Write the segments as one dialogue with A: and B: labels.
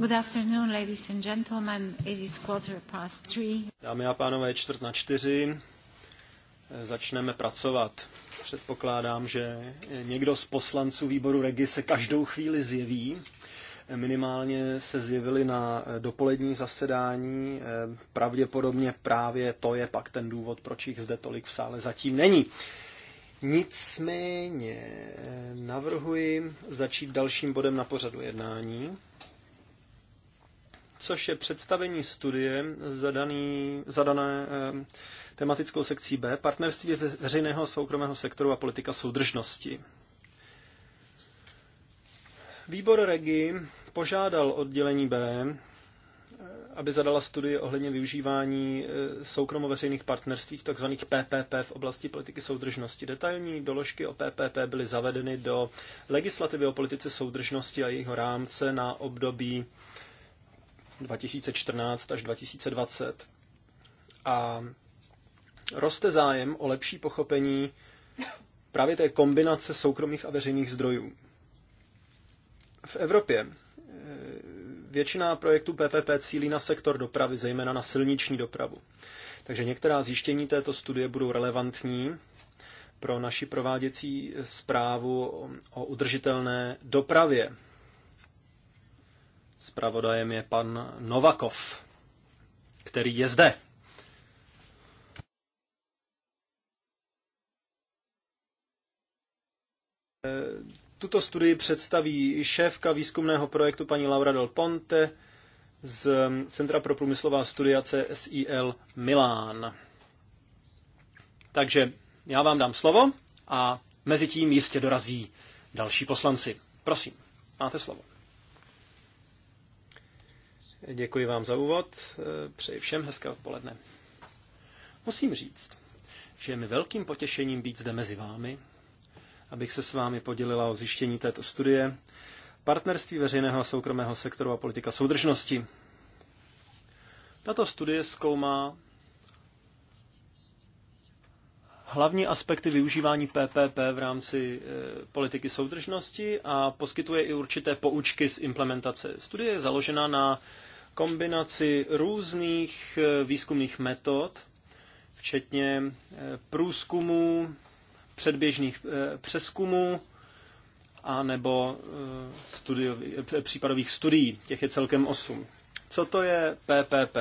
A: Good afternoon, ladies and gentlemen. It is quarter past three.
B: Dámy a pánové, čtvrt na čtyři. Začneme pracovat. Předpokládám, že někdo z poslanců výboru Regi se každou chvíli zjeví. Minimálně se zjevili na dopolední zasedání. Pravděpodobně právě to je pak ten důvod, proč jich zde tolik v sále zatím není. Nicméně navrhuji začít dalším bodem na pořadu jednání což je představení studie zadaný, zadané eh, tematickou sekcí B, partnerství veřejného soukromého sektoru a politika soudržnosti. Výbor Regi požádal oddělení B, eh, aby zadala studie ohledně využívání eh, soukromo-veřejných partnerství, tzv. PPP v oblasti politiky soudržnosti. Detailní doložky o PPP byly zavedeny do legislativy o politice soudržnosti a jejího rámce na období 2014 až 2020. A roste zájem o lepší pochopení právě té kombinace soukromých a veřejných zdrojů. V Evropě eh, většina projektů PPP cílí na sektor dopravy, zejména na silniční dopravu. Takže některá zjištění této studie budou relevantní pro naši prováděcí zprávu o udržitelné dopravě Spravodajem je pan Novakov, který je zde. Tuto studii představí šéfka výzkumného projektu paní Laura Del Ponte z Centra pro průmyslová studia CSIL Milán. Takže já vám dám slovo a mezi tím jistě dorazí další poslanci. Prosím, máte slovo. Děkuji vám za úvod, přeji všem hezké odpoledne. Musím říct, že je mi velkým potěšením být zde mezi vámi, abych se s vámi podělila o zjištění této studie Partnerství veřejného a soukromého sektoru a politika soudržnosti. Tato studie zkoumá hlavní aspekty využívání PPP v rámci e, politiky soudržnosti a poskytuje i určité poučky z implementace. Studie je založena na kombinaci různých eh, výzkumných metod, včetně eh, průzkumů, předběžných eh, přeskumů a nebo případových studií. Těch je celkem osm. Co to je PPP?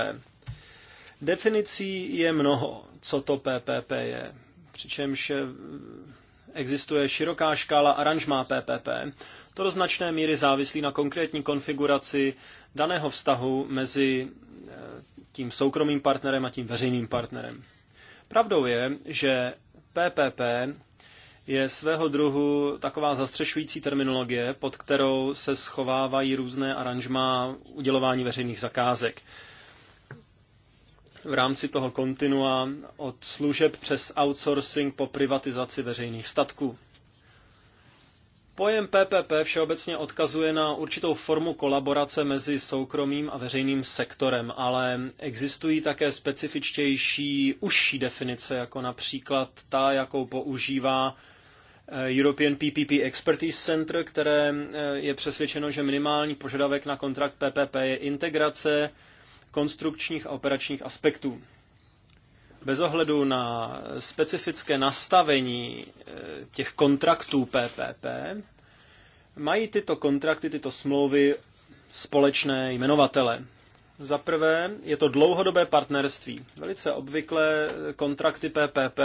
B: Definicí je mnoho, co to PPP je. Přičemž Existuje široká škála aranžmá PPP. To do značné míry závislí na konkrétní konfiguraci daného vztahu mezi eh, tím soukromým partnerem a tím veřejným partnerem. Pravdou je, že PPP je svého druhu taková zastřešující terminologie, pod kterou se schovávají různé aranžmá udělování veřejných zakázek v rámci toho kontinua od služeb přes outsourcing po privatizaci veřejných statků. Pojem PPP všeobecně odkazuje na určitou formu kolaborace mezi soukromým a veřejným sektorem, ale existují také specifičtější, užší definice, jako například ta, jakou používá eh, European PPP Expertise Center, které eh, je přesvědčeno, že minimální požadavek na kontrakt PPP je integrace konstrukčních a operačních aspektů. Bez ohledu na specifické nastavení eh, těch kontraktů PPP, mají tyto kontrakty, tyto smlouvy společné jmenovatele. Za prvé je to dlouhodobé partnerství. Velice obvykle kontrakty PPP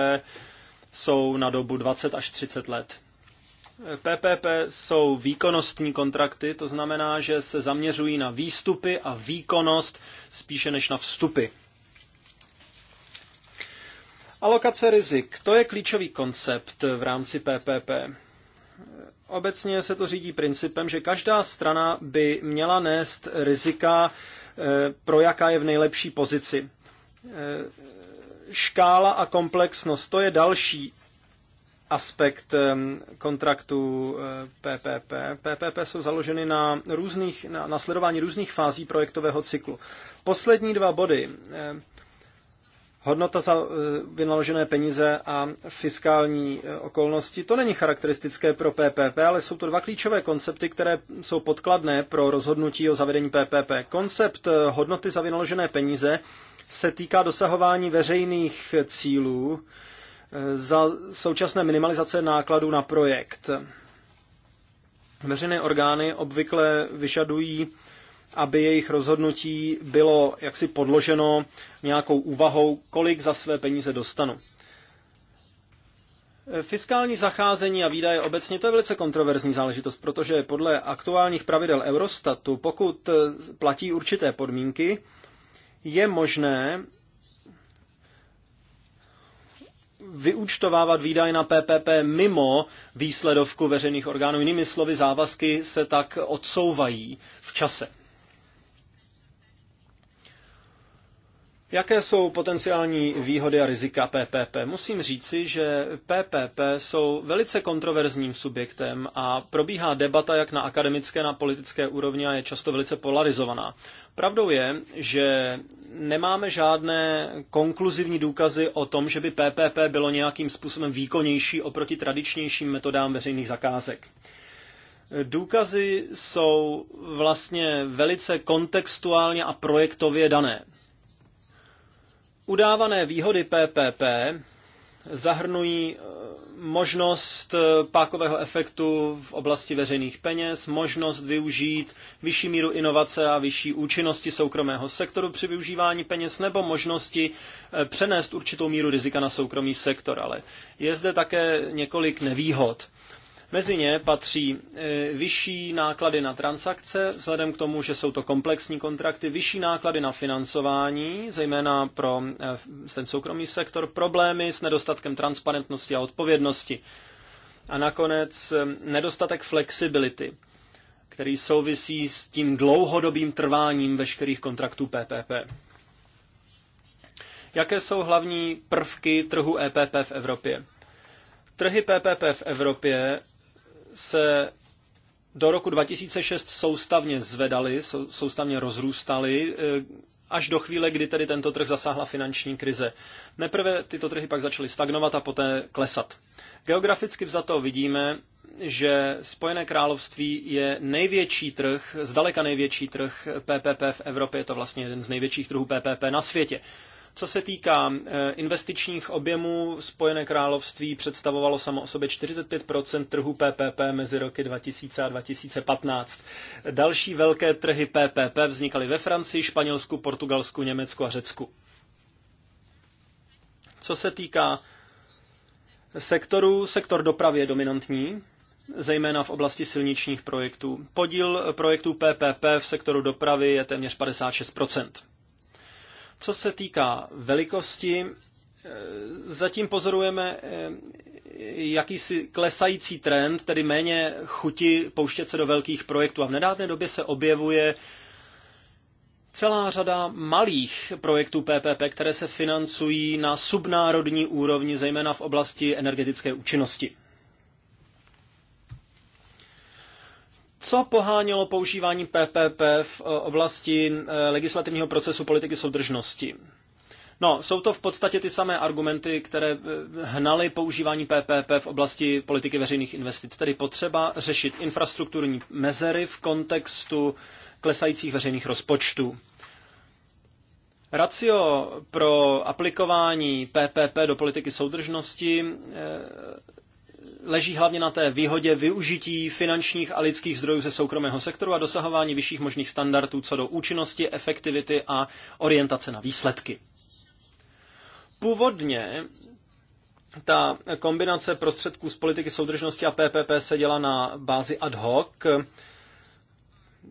B: jsou na dobu 20 až 30 let. PPP jsou výkonnostní kontrakty, to znamená, že se zaměřují na výstupy a výkonnost spíše než na vstupy. Alokace rizik, to je klíčový koncept v rámci PPP. Obecně se to řídí principem, že každá strana by měla nést rizika, eh, pro jaká je v nejlepší pozici. Eh, škála a komplexnost, to je další aspekt kontraktu PPP. Eh, PPP jsou založeny na, různých, na, na sledování různých fází projektového cyklu. Poslední dva body. Hodnota za eh, vynaložené peníze a fiskální eh, okolnosti, to není charakteristické pro PPP, ale jsou to dva klíčové koncepty, které jsou podkladné pro rozhodnutí o zavedení PPP. Koncept hodnoty za vynaložené peníze se týká dosahování veřejných cílů, Eh, za současné minimalizace nákladů na projekt. Veřejné orgány obvykle vyžadují, aby jejich rozhodnutí bylo jaksi podloženo nějakou úvahou, kolik za své peníze dostanu. Eh, fiskální zacházení a výdaje obecně to je velice kontroverzní záležitost, protože podle aktuálních pravidel Eurostatu, pokud eh, platí určité podmínky, je možné, vyúčtovávat výdaj na PPP mimo výsledovku veřejných orgánů. Jinými slovy, závazky se tak odsouvají v čase. Jaké jsou potenciální výhody a rizika PPP? Musím říci, že PPP jsou velice kontroverzním subjektem a probíhá debata jak na akademické, na politické úrovni a je často velice polarizovaná. Pravdou je, že nemáme žádné konkluzivní důkazy o tom, že by PPP bylo nějakým způsobem výkonnější oproti tradičnějším metodám veřejných zakázek. Důkazy jsou vlastně velice kontextuálně a projektově dané. Udávané výhody PPP zahrnují eh, možnost eh, pákového efektu v oblasti veřejných peněz, možnost využít vyšší míru inovace a vyšší účinnosti soukromého sektoru při využívání peněz nebo možnosti eh, přenést určitou míru rizika na soukromý sektor. Ale je zde také několik nevýhod. Mezi ně patří e, vyšší náklady na transakce, vzhledem k tomu, že jsou to komplexní kontrakty, vyšší náklady na financování, zejména pro e, ten soukromý sektor, problémy s nedostatkem transparentnosti a odpovědnosti. A nakonec e, nedostatek flexibility, který souvisí s tím dlouhodobým trváním veškerých kontraktů PPP. Jaké jsou hlavní prvky trhu EPP v Evropě? Trhy PPP v Evropě se do roku 2006 soustavně zvedaly, soustavně rozrůstaly, e, až do chvíle, kdy tedy tento trh zasáhla finanční krize. Neprve tyto trhy pak začaly stagnovat a poté klesat. Geograficky vzato vidíme, že Spojené království je největší trh, zdaleka největší trh PPP v Evropě, je to vlastně jeden z největších trhů PPP na světě. Co se týká eh, investičních objemů, Spojené království představovalo samo o sobě 45 trhu PPP mezi roky 2000 a 2015. Další velké trhy PPP vznikaly ve Francii, Španělsku, Portugalsku, Německu a Řecku. Co se týká sektoru, sektor dopravy je dominantní, zejména v oblasti silničních projektů. Podíl projektů PPP v sektoru dopravy je téměř 56 co se týká velikosti, eh, zatím pozorujeme eh, jakýsi klesající trend, tedy méně chuti pouštět se do velkých projektů. A v nedávné době se objevuje celá řada malých projektů PPP, které se financují na subnárodní úrovni, zejména v oblasti energetické účinnosti. Co pohánělo používání PPP v eh, oblasti eh, legislativního procesu politiky soudržnosti? No, jsou to v podstatě ty samé argumenty, které eh, hnaly používání PPP v oblasti politiky veřejných investic, tedy potřeba řešit infrastrukturní mezery v kontextu klesajících veřejných rozpočtů. Racio pro aplikování PPP do politiky soudržnosti leží hlavně na té výhodě využití finančních a lidských zdrojů ze soukromého sektoru a dosahování vyšších možných standardů co do účinnosti, efektivity a orientace na výsledky. Původně ta kombinace prostředků z politiky soudržnosti a PPP se dělá na bázi ad hoc,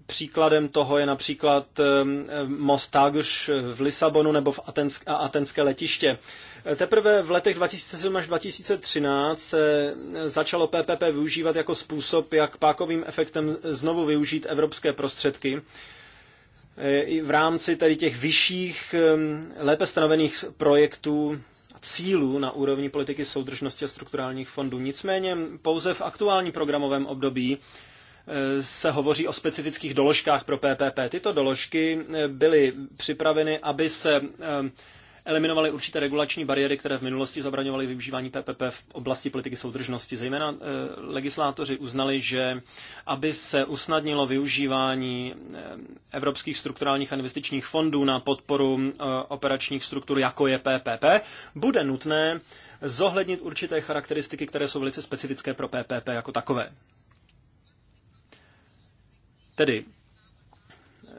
B: Příkladem toho je například eh, most Tagus v Lisabonu nebo v Atensk- a Atenské letiště. Eh, teprve v letech 2007 až 2013 se eh, začalo PPP využívat jako způsob, jak pákovým efektem znovu využít evropské prostředky i v rámci tedy těch vyšších, lépe stanovených projektů cílů na úrovni politiky soudržnosti a strukturálních fondů. Nicméně pouze v aktuálním programovém období se hovoří o specifických doložkách pro PPP. Tyto doložky eh, byly připraveny, aby se eh, eliminovaly určité regulační bariéry, které v minulosti zabraňovaly využívání PPP v oblasti politiky soudržnosti. Zejména eh, legislátoři uznali, že aby se usnadnilo využívání evropských strukturálních a investičních fondů na podporu operačních struktur, jako je PPP, bude nutné zohlednit určité charakteristiky, které jsou velice specifické pro PPP jako takové. Tedy eh,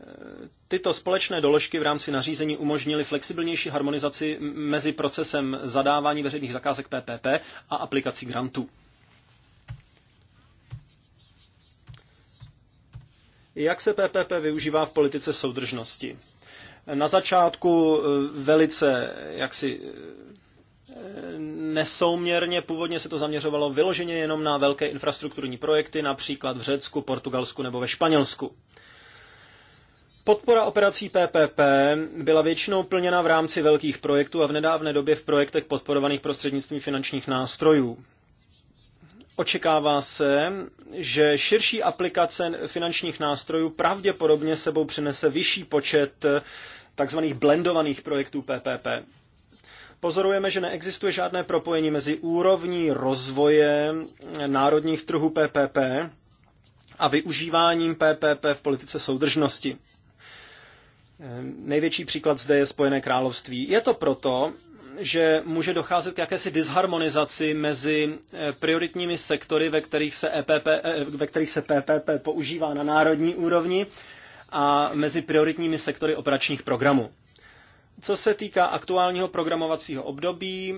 B: tyto společné doložky v rámci nařízení umožnily flexibilnější harmonizaci mezi procesem zadávání veřejných zakázek PPP a aplikací grantů. Jak se PPP využívá v politice soudržnosti? Na začátku eh, velice jaksi eh, nesouměrně. Původně se to zaměřovalo vyloženě jenom na velké infrastrukturní projekty, například v Řecku, Portugalsku nebo ve Španělsku. Podpora operací PPP byla většinou plněna v rámci velkých projektů a v nedávné době v projektech podporovaných prostřednictvím finančních nástrojů. Očekává se, že širší aplikace finančních nástrojů pravděpodobně sebou přinese vyšší počet tzv. blendovaných projektů PPP pozorujeme, že neexistuje žádné propojení mezi úrovní rozvoje národních trhů PPP a využíváním PPP v politice soudržnosti. Největší příklad zde je Spojené království. Je to proto, že může docházet k jakési disharmonizaci mezi eh, prioritními sektory, ve kterých se, EPP, eh, ve kterých se PPP používá na národní úrovni a mezi prioritními sektory operačních programů. Co se týká aktuálního programovacího období,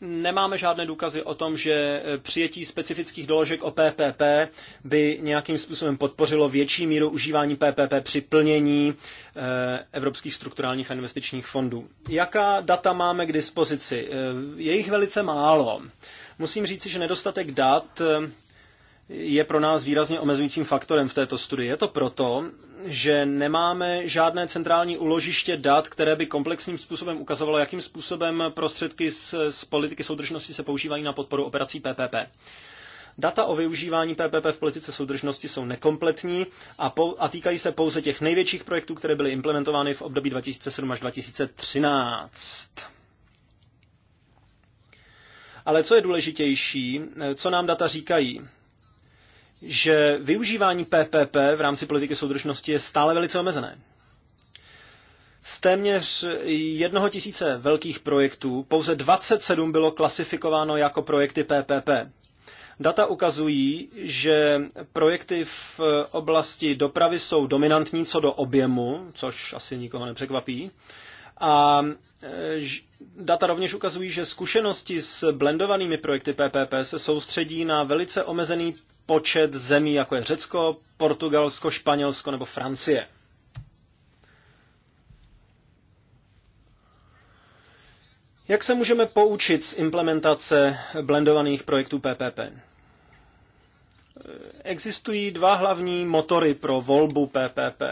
B: nemáme žádné důkazy o tom, že eh, přijetí specifických doložek o PPP by nějakým způsobem podpořilo větší míru užívání PPP při plnění eh, evropských strukturálních a investičních fondů. Jaká data máme k dispozici? Eh, je jich velice málo. Musím říci, že nedostatek dat je pro nás výrazně omezujícím faktorem v této studii. Je to proto, že nemáme žádné centrální uložiště dat, které by komplexním způsobem ukazovalo, jakým způsobem prostředky z, z politiky soudržnosti se používají na podporu operací PPP. Data o využívání PPP v politice soudržnosti jsou nekompletní a, po, a týkají se pouze těch největších projektů, které byly implementovány v období 2007 až 2013. Ale co je důležitější, co nám data říkají? že využívání PPP v rámci politiky soudržnosti je stále velice omezené. Z téměř jednoho tisíce velkých projektů pouze 27 bylo klasifikováno jako projekty PPP. Data ukazují, že projekty v oblasti dopravy jsou dominantní co do objemu, což asi nikoho nepřekvapí. A e, data rovněž ukazují, že zkušenosti s blendovanými projekty PPP se soustředí na velice omezený počet zemí, jako je Řecko, Portugalsko, Španělsko nebo Francie. Jak se můžeme poučit z implementace blendovaných projektů PPP? Existují dva hlavní motory pro volbu PPP.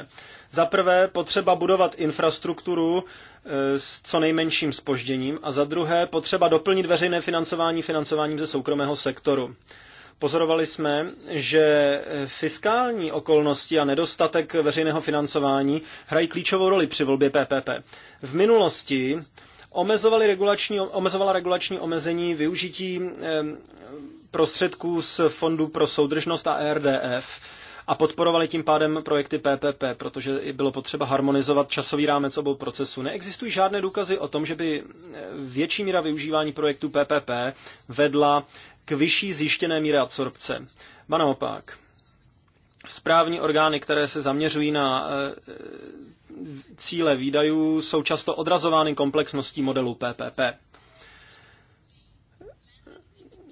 B: Za prvé potřeba budovat infrastrukturu eh, s co nejmenším spožděním a za druhé potřeba doplnit veřejné financování financováním ze soukromého sektoru. Pozorovali jsme, že fiskální okolnosti a nedostatek veřejného financování hrají klíčovou roli při volbě PPP. V minulosti omezovali regulační, omezovala regulační omezení využití prostředků z Fondu pro soudržnost a RDF a podporovali tím pádem projekty PPP, protože bylo potřeba harmonizovat časový rámec obou procesů. Neexistují žádné důkazy o tom, že by větší míra využívání projektů PPP vedla k vyšší zjištěné míry absorpce. Ba naopak, správní orgány, které se zaměřují na eh, cíle výdajů, jsou často odrazovány komplexností modelu PPP.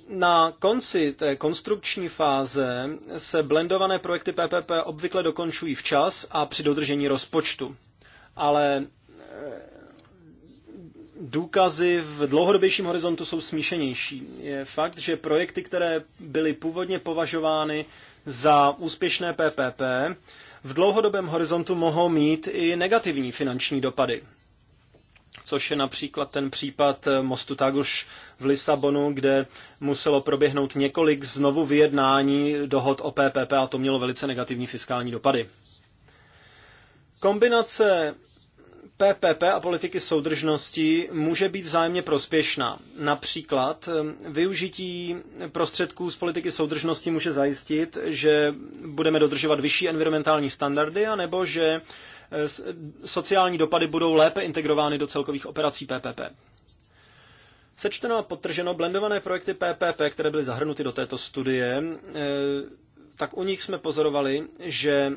B: Na konci té konstrukční fáze se blendované projekty PPP obvykle dokončují včas a při dodržení rozpočtu. Ale důkazy v dlouhodobějším horizontu jsou smíšenější. Je fakt, že projekty, které byly původně považovány za úspěšné PPP, v dlouhodobém horizontu mohou mít i negativní finanční dopady. Což je například ten případ mostu Taguš v Lisabonu, kde muselo proběhnout několik znovu vyjednání dohod o PPP a to mělo velice negativní fiskální dopady. Kombinace PPP a politiky soudržnosti může být vzájemně prospěšná. Například ehm, využití prostředků z politiky soudržnosti může zajistit, že budeme dodržovat vyšší environmentální standardy, anebo že eh, sociální dopady budou lépe integrovány do celkových operací PPP. Sečteno a potrženo, blendované projekty PPP, které byly zahrnuty do této studie, eh, tak u nich jsme pozorovali, že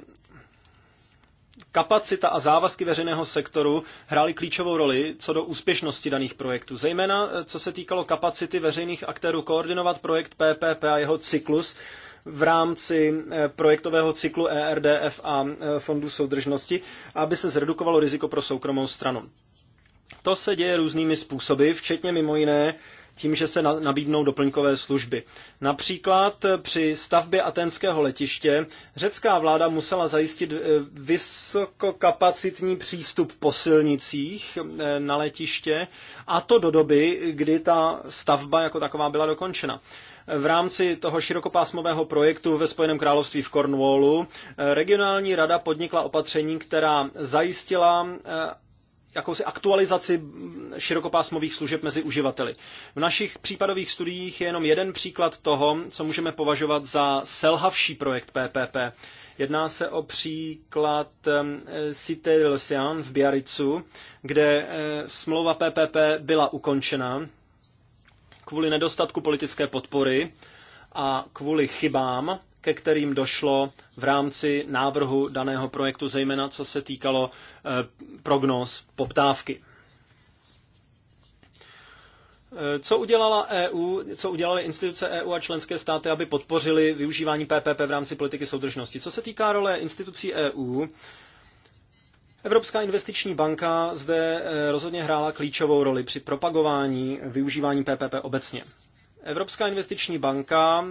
B: kapacita a závazky veřejného sektoru hrály klíčovou roli co do úspěšnosti daných projektů. Zejména eh, co se týkalo kapacity veřejných aktérů koordinovat projekt PPP a jeho cyklus v rámci eh, projektového cyklu ERDF a eh, Fondu soudržnosti, aby se zredukovalo riziko pro soukromou stranu. To se děje různými způsoby, včetně mimo jiné tím, že se nabídnou doplňkové služby. Například eh, při stavbě atenského letiště řecká vláda musela zajistit eh, vysokokapacitní přístup po silnicích eh, na letiště a to do doby, kdy ta stavba jako taková byla dokončena v rámci toho širokopásmového projektu ve Spojeném království v Cornwallu regionální rada podnikla opatření, která zajistila jakousi aktualizaci širokopásmových služeb mezi uživateli. V našich případových studiích je jenom jeden příklad toho, co můžeme považovat za selhavší projekt PPP. Jedná se o příklad ehm, Cité de l'Océan v Biaricu, kde eh, smlouva PPP byla ukončena kvůli nedostatku politické podpory a kvůli chybám, ke kterým došlo v rámci návrhu daného projektu, zejména co se týkalo eh, prognóz poptávky. Eh, co udělala EU, co udělaly instituce EU a členské státy, aby podpořili využívání PPP v rámci politiky soudržnosti? Co se týká role institucí EU, Evropská investiční banka zde eh, rozhodně hrála klíčovou roli při propagování využívání PPP obecně. Evropská investiční banka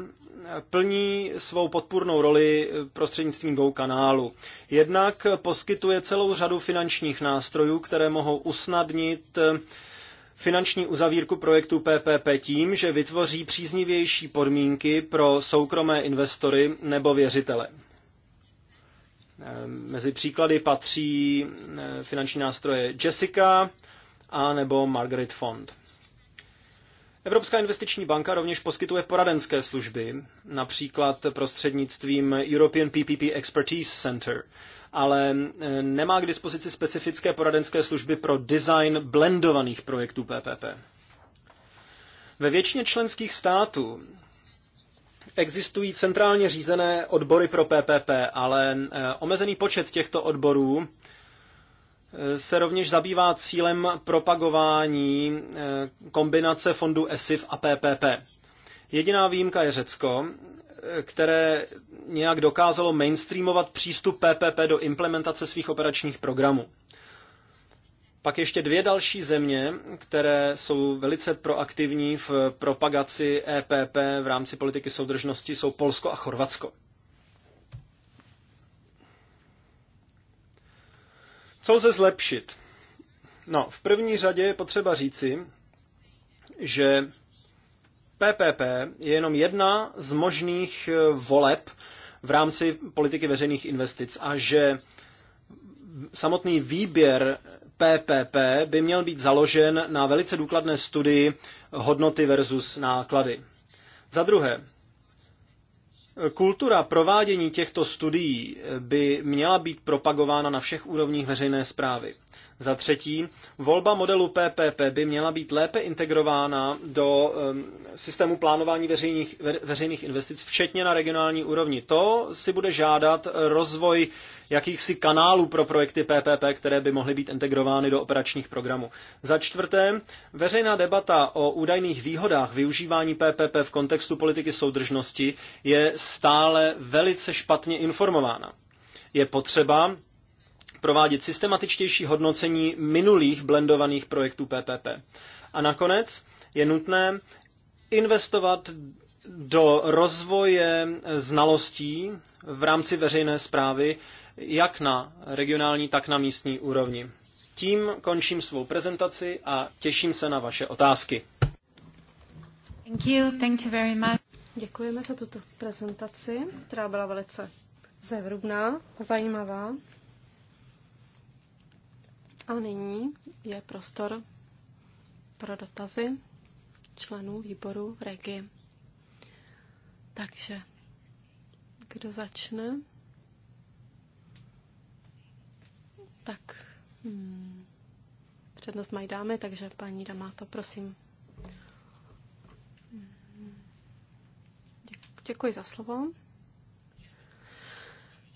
B: plní svou podpůrnou roli prostřednictvím dvou kanálů. Jednak poskytuje celou řadu finančních nástrojů, které mohou usnadnit finanční uzavírku projektu PPP tím, že vytvoří příznivější podmínky pro soukromé investory nebo věřitele. Mezi příklady patří finanční nástroje Jessica a nebo Margaret Fond. Evropská investiční banka rovněž poskytuje poradenské služby, například prostřednictvím European PPP Expertise Center, ale eh, nemá k dispozici specifické poradenské služby pro design blendovaných projektů PPP. Ve většině členských států existují centrálně řízené odbory pro PPP, ale eh, omezený počet těchto odborů se rovněž zabývá cílem propagování eh, kombinace fondů ESIF a PPP. Jediná výjimka je Řecko, eh, které nějak dokázalo mainstreamovat přístup PPP do implementace svých operačních programů. Pak ještě dvě další země, které jsou velice proaktivní v propagaci EPP v rámci politiky soudržnosti, jsou Polsko a Chorvatsko. Co lze zlepšit? No, v první řadě je potřeba říci, že PPP je jenom jedna z možných eh, voleb v rámci politiky veřejných investic a že samotný výběr PPP by měl být založen na velice důkladné studii hodnoty versus náklady. Za druhé, Kultura provádění těchto studií by měla být propagována na všech úrovních veřejné zprávy. Za třetí, volba modelu PPP by měla být lépe integrována do systému plánování veřejných, veřejných investic, včetně na regionální úrovni. To si bude žádat rozvoj jakýchsi kanálů pro projekty PPP, které by mohly být integrovány do operačních programů. Za čtvrté, veřejná debata o údajných výhodách využívání PPP v kontextu politiky soudržnosti je stále velice špatně informována. Je potřeba provádět systematičtější hodnocení minulých blendovaných projektů PPP. A nakonec je nutné investovat do rozvoje znalostí v rámci veřejné zprávy, jak na regionální, tak na místní úrovni. Tím končím svou prezentaci a těším se na vaše otázky.
A: Thank you, thank
C: you very much. Děkujeme za tuto prezentaci, která byla velice zevrubná a zajímavá. A nyní je prostor pro dotazy členů výboru Regi. Takže kdo začne? Tak hmm, přednost mají dámy, takže paní to prosím. Hmm. Děkuji za slovo.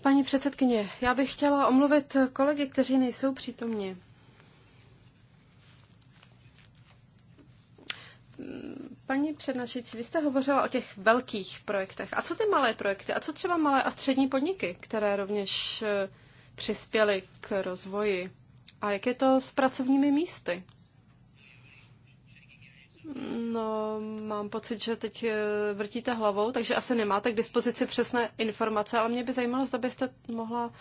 C: Paní předsedkyně, já bych chtěla omluvit kolegy, kteří nejsou přítomni. Paní přednášející, vy jste hovořila o těch velkých projektech. A co ty malé projekty? A co třeba malé a střední podniky, které rovněž eh, přispěly k rozvoji? A jak je to s pracovními místy? No, mám pocit, že teď eh, vrtíte hlavou, takže asi nemáte k dispozici přesné informace, ale mě by zajímalo, zda byste mohla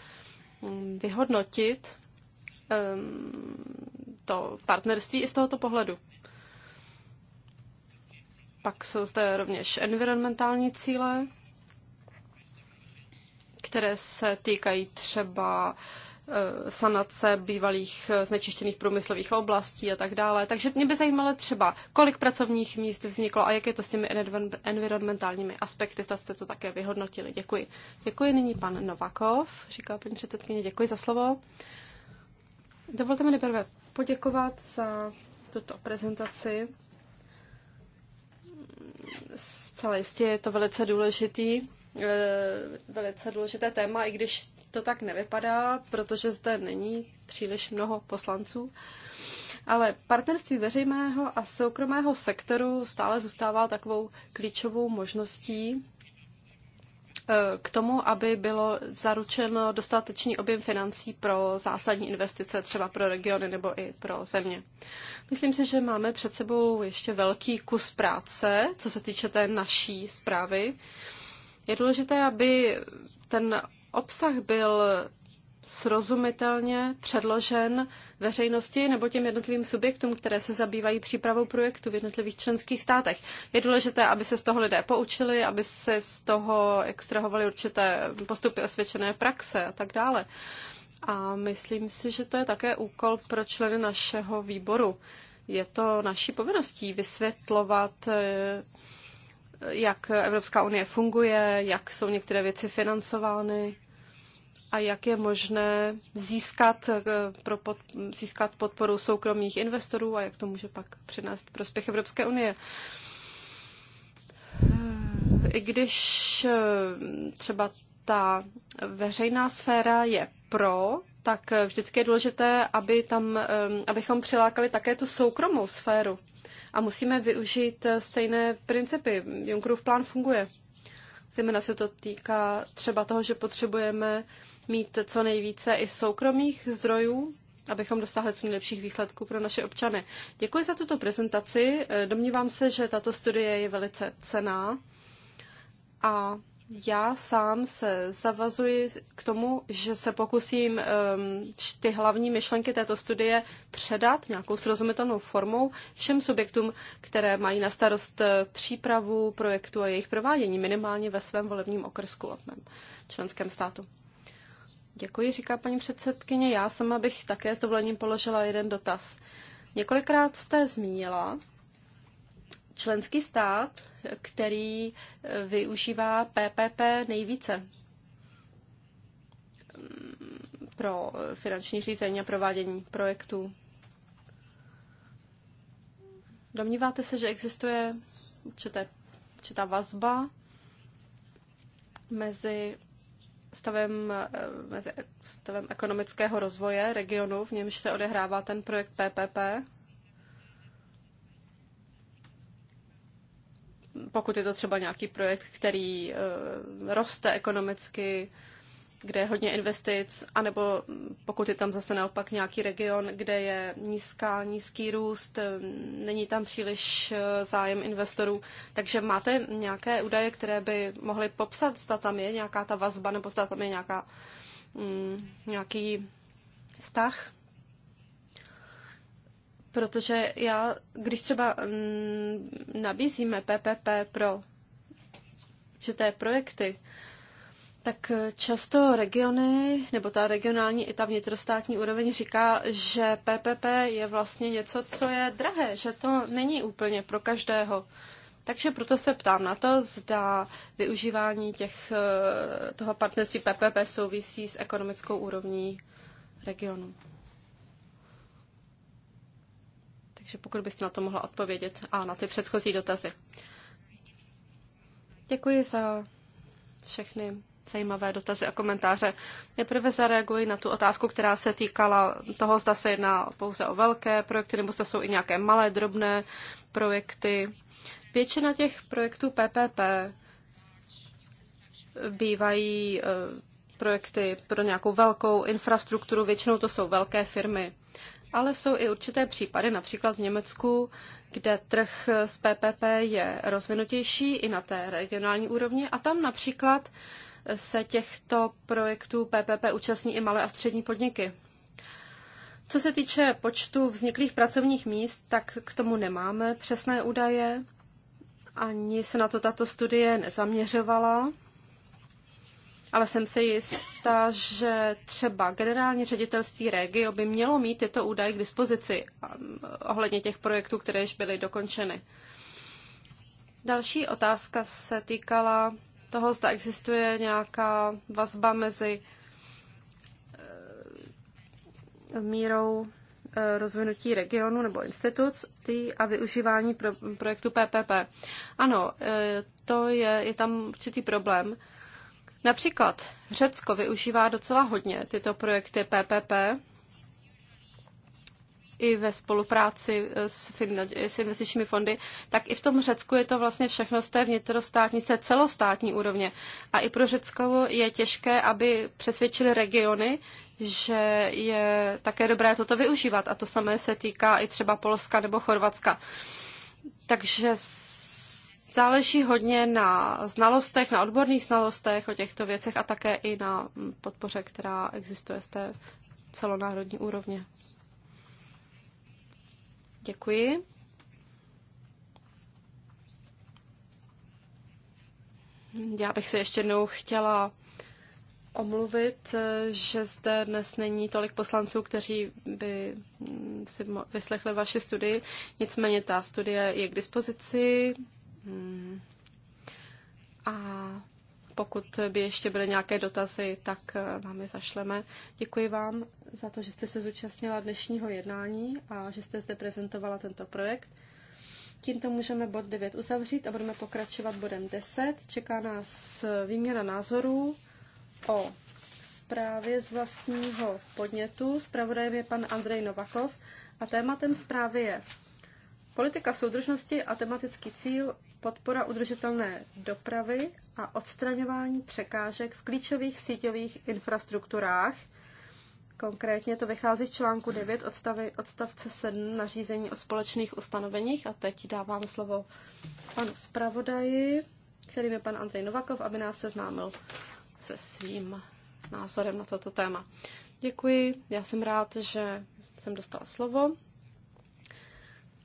C: mm, vyhodnotit ehm, to partnerství i z tohoto pohledu. Pak jsou zde rovněž environmentální cíle, které se týkají třeba Eh, sanace bývalých eh, znečištěných průmyslových oblastí a tak dále. Takže mě by zajímalo třeba, kolik pracovních míst vzniklo a jak je to s těmi environmentálními aspekty, zda jste to také vyhodnotili. Děkuji. Děkuji nyní pan Novakov, říká paní předsedkyně, děkuji za slovo. Dovolte mi nejprve poděkovat za tuto prezentaci. Zcela jistě je to velice důležitý eh, velice důležité téma, i když to tak nevypadá, protože zde není příliš mnoho poslanců. Ale partnerství veřejného a soukromého sektoru stále zůstává takovou klíčovou možností eh, k tomu, aby bylo zaručeno dostatečný objem financí pro zásadní investice, třeba pro regiony nebo i pro země. Myslím si, že máme před sebou ještě velký kus práce, co se týče té naší zprávy. Je důležité, aby ten obsah byl srozumitelně předložen veřejnosti nebo těm jednotlivým subjektům, které se zabývají přípravou projektu v jednotlivých členských státech. Je důležité, aby se z toho lidé poučili, aby se z toho extrahovaly určité postupy osvědčené praxe a tak dále. A myslím si, že to je také úkol pro členy našeho výboru. Je to naší povinností vysvětlovat eh, jak Evropská unie funguje, jak jsou některé věci financovány a jak je možné získat, eh, pro pod, získat podporu soukromých investorů a jak to může pak přinést prospěch Evropské unie. Eh, I když eh, třeba ta veřejná sféra je pro, tak vždycky je důležité, aby tam, abychom přilákali také tu soukromou sféru. A musíme využít stejné principy. Junckerův plán funguje. Zejména se to týká třeba toho, že potřebujeme mít co nejvíce i soukromých zdrojů, abychom dosáhli co nejlepších výsledků pro naše občany. Děkuji za tuto prezentaci. Domnívám se, že tato studie je velice cená a já sám se zavazuji k tomu, že se pokusím um, ty hlavní myšlenky této studie předat nějakou srozumitelnou formou všem subjektům, které mají na starost eh, přípravu projektu a jejich provádění minimálně ve svém volebním okrsku a v mém členském státu. Děkuji, říká paní předsedkyně. Já sama bych také s dovolením položila jeden dotaz. Několikrát jste zmínila členský stát, který eh, využívá PPP nejvíce mm, pro finanční řízení a provádění projektů. Domníváte se, že existuje určitá vazba mezi stavem, eh, mezi stavem ekonomického rozvoje regionu, v němž se odehrává ten projekt PPP. Pokud je to třeba nějaký projekt, který eh, roste ekonomicky, kde je hodně investic, anebo pokud je tam zase naopak nějaký region, kde je nízká, nízký růst, není tam příliš eh, zájem investorů. Takže máte nějaké údaje, které by mohly popsat, zda tam je nějaká ta vazba, nebo zda tam je nějaká, mm, nějaký vztah? Protože já, když třeba mm, nabízíme PPP pro určité projekty, tak často regiony, nebo ta regionální i ta vnitrostátní úroveň říká, že PPP je vlastně něco, co je drahé, že to není úplně pro každého. Takže proto se ptám na to, zda využívání těch, eh, toho partnerství PPP souvisí s ekonomickou úrovní regionu. Takže pokud byste na to mohla odpovědět a na ty předchozí dotazy. Děkuji za všechny zajímavé dotazy a komentáře. Nejprve zareaguji na tu otázku, která se týkala toho, zda se jedná pouze o velké projekty, nebo zda jsou i nějaké malé, drobné projekty. Většina těch projektů PPP bývají eh, projekty pro nějakou velkou infrastrukturu, většinou to jsou velké firmy. Ale jsou i určité případy, například v Německu, kde trh s PPP je rozvinutější i na té regionální úrovni a tam například se těchto projektů PPP účastní i malé a střední podniky. Co se týče počtu vzniklých pracovních míst, tak k tomu nemáme přesné údaje. Ani se na to tato studie nezaměřovala. Ale jsem se jistá, že třeba generální ředitelství Regio by mělo mít tyto údaje k dispozici um, ohledně těch projektů, které již byly dokončeny. Další otázka se týkala toho, zda existuje nějaká vazba mezi eh, mírou eh, rozvinutí regionu nebo institucí a využívání pro, projektu PPP. Ano, eh, to je, je tam určitý problém. Například Řecko využívá docela hodně tyto projekty PPP, i ve spolupráci s, s investičními fondy, tak i v tom Řecku je to vlastně všechno z té vnitrostátní, z té celostátní úrovně. A i pro Řecko je těžké, aby přesvědčili regiony, že je také dobré toto využívat. A to samé se týká i třeba Polska nebo Chorvatska. Takže záleží hodně na znalostech, na odborných znalostech o těchto věcech a také i na podpoře, která existuje z té celonárodní úrovně. Děkuji. Já bych se ještě jednou chtěla omluvit, že zde dnes není tolik poslanců, kteří by si vyslechli vaši studii. Nicméně ta studie je k dispozici hmm. a pokud by ještě byly nějaké dotazy, tak eh, vám je zašleme. Děkuji vám za to, že jste se zúčastnila dnešního jednání a že jste zde prezentovala tento projekt. Tímto můžeme bod 9 uzavřít a budeme pokračovat bodem 10. Čeká nás eh, výměna názorů o zprávě z vlastního podnětu. Zpravodajem je pan Andrej Novakov a tématem zprávy je politika soudržnosti a tematický cíl podpora udržitelné dopravy a odstraňování překážek v klíčových síťových infrastrukturách. Konkrétně to vychází z článku 9 odstavy, odstavce 7 nařízení o společných ustanoveních. A teď dávám slovo panu zpravodaji, kterým je pan Andrej Novakov, aby nás seznámil se svým názorem na toto téma. Děkuji, já jsem rád, že jsem dostala slovo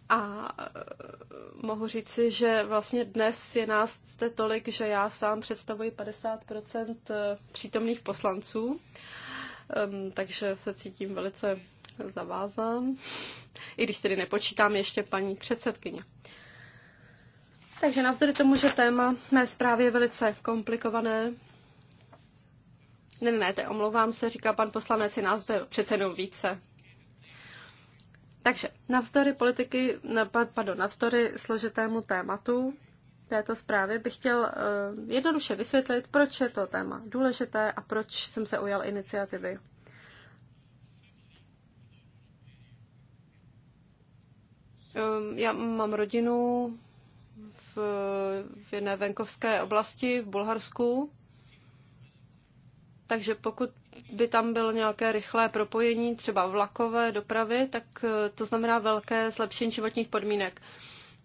C: a e, mohu říci, že vlastně dnes je nás zde tolik, že já sám představuji 50 e, přítomných poslanců, takže se cítím velice zavázán, i když tedy nepočítám ještě paní předsedkyně. Takže navzdory tomu, že téma mé zprávy je velice komplikované, ne, ne, ne, omlouvám se, říká pan poslanec, je nás zde přece jenom více. Takže navzdory politiky, pardon, navzdory složitému tématu této zprávy bych chtěl eh, jednoduše vysvětlit, proč je to téma důležité a proč jsem se ujal iniciativy. Ehm, já mám rodinu v, v jedné venkovské oblasti v Bulharsku, takže pokud by tam bylo nějaké rychlé propojení, třeba vlakové dopravy, tak eh, to znamená velké zlepšení životních podmínek.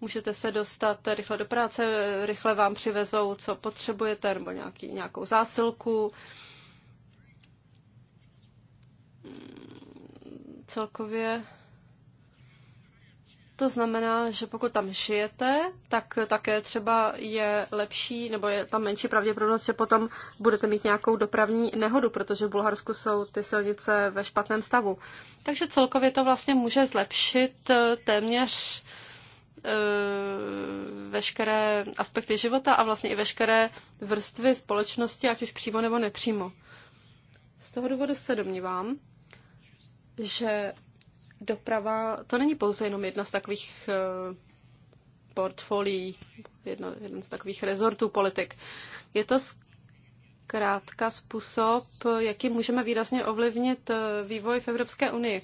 C: Můžete se dostat rychle do práce, eh, rychle vám přivezou, co potřebujete, nebo nějaký, nějakou zásilku. Hmm, celkově to znamená, že pokud tam žijete, tak také třeba je lepší, nebo je tam menší pravděpodobnost, že potom budete mít nějakou dopravní nehodu, protože v Bulharsku jsou ty silnice ve špatném stavu. Takže celkově to vlastně může zlepšit eh, téměř eh, veškeré aspekty života a vlastně i veškeré vrstvy společnosti, ať už přímo nebo nepřímo. Z toho důvodu se domnívám, že doprava, to není pouze jenom jedna z takových eh, portfolií, jedno, jeden z takových rezortů politik. Je to zkrátka způsob, jakým můžeme výrazně ovlivnit eh, vývoj v Evropské unii.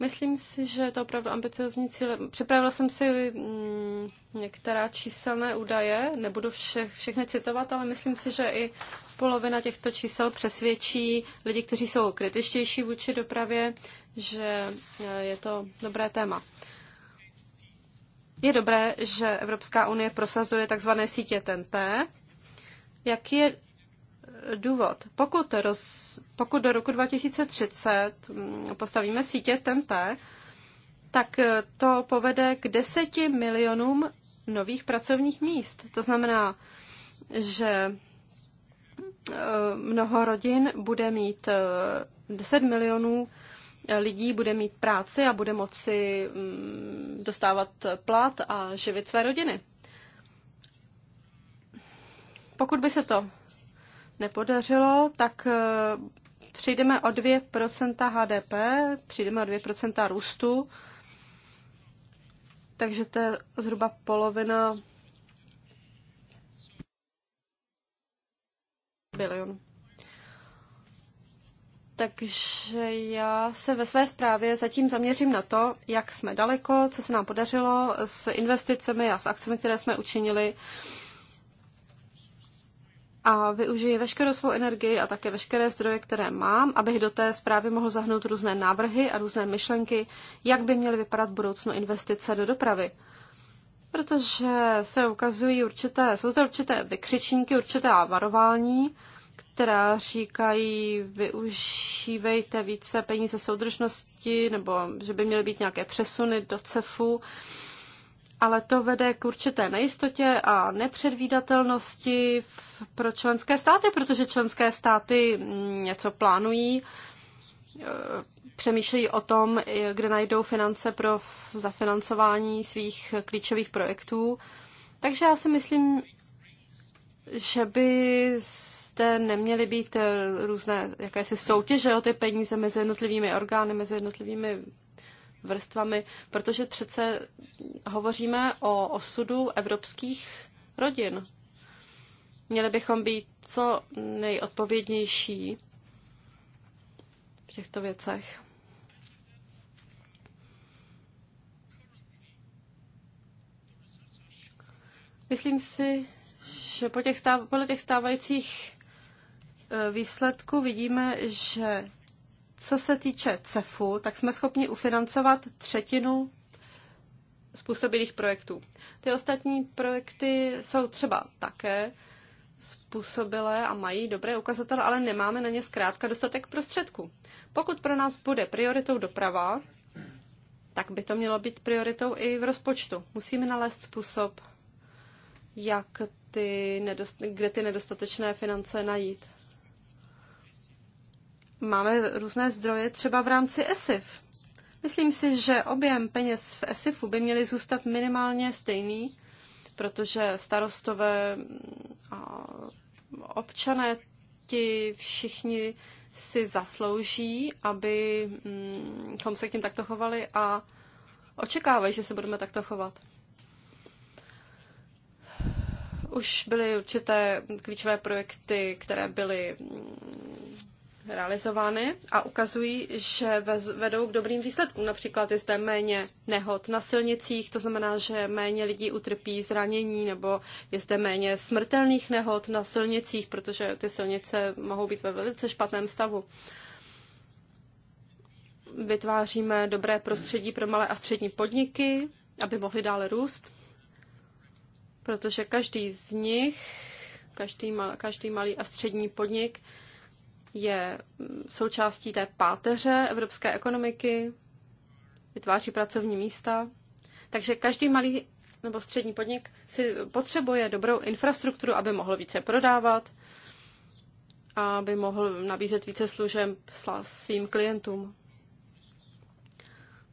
C: Myslím si, že je to opravdu ambiciozní cíle. Připravila jsem si mm, některá číselné údaje, nebudu všech, všechny citovat, ale myslím si, že i polovina těchto čísel přesvědčí lidi, kteří jsou kritičtější vůči dopravě, že eh, je to dobré téma. Je dobré, že Evropská unie prosazuje tzv. sítě TNT. Jaký je důvod. Pokud, roz, pokud do roku 2030 mm, postavíme sítě TNT, tak eh, to povede k deseti milionům nových pracovních míst. To znamená, že eh, mnoho rodin bude mít 10 eh, milionů lidí bude mít práci a bude moci mm, dostávat plat a živit své rodiny. Pokud by se to nepodařilo, tak eh, přijdeme o 2% HDP, přijdeme o 2% růstu, takže to je zhruba polovina bilion. Takže já se ve své zprávě zatím zaměřím na to, jak jsme daleko, co se nám podařilo s investicemi a s akcemi, které jsme učinili a využiji veškerou svou energii a také veškeré zdroje, které mám, abych do té zprávy mohl zahnout různé návrhy a různé myšlenky, jak by měly vypadat v budoucnu investice do dopravy. Protože se ukazují určité, jsou zde určité vykřičníky, určité varování, která říkají, využívejte více peníze soudržnosti, nebo že by měly být nějaké přesuny do CEFu ale to vede k určité nejistotě a nepředvídatelnosti pro členské státy, protože členské státy mm, něco plánují, e, přemýšlejí o tom, e, kde najdou finance pro zafinancování svých klíčových projektů. Takže já si myslím, že by zde neměly být e, různé jakési soutěže o ty peníze mezi jednotlivými orgány, mezi jednotlivými vrstvami, protože přece hovoříme o osudu evropských rodin. Měli bychom být co nejodpovědnější v těchto věcech. Myslím si, že po těch stáv- po těch stávajících eh, výsledků vidíme, že co se týče CEFu, tak jsme schopni ufinancovat třetinu způsobilých projektů. Ty ostatní projekty jsou třeba také způsobilé a mají dobré ukazatele, ale nemáme na ně zkrátka dostatek prostředků. Pokud pro nás bude prioritou doprava, tak by to mělo být prioritou i v rozpočtu. Musíme nalézt způsob, jak ty nedost- kde ty nedostatečné finance najít máme různé zdroje třeba v rámci ESIF. Myslím si, že objem peněz v ESIFu by měly zůstat minimálně stejný, protože starostové a občané ti všichni si zaslouží, abychom mm, se k ním takto chovali a očekávají, že se budeme takto chovat. Už byly určité klíčové projekty, které byly realizovány a ukazují, že vedou k dobrým výsledkům. Například je zde méně nehod na silnicích, to znamená, že méně lidí utrpí zranění, nebo je zde méně smrtelných nehod na silnicích, protože ty silnice mohou být ve velice špatném stavu. Vytváříme dobré prostředí pro malé a střední podniky, aby mohly dále růst, protože každý z nich, každý, mal, každý malý a střední podnik, je součástí té páteře evropské ekonomiky, vytváří pracovní místa. Takže každý malý nebo střední podnik si potřebuje dobrou infrastrukturu, aby mohl více prodávat, aby mohl nabízet více služeb svým klientům.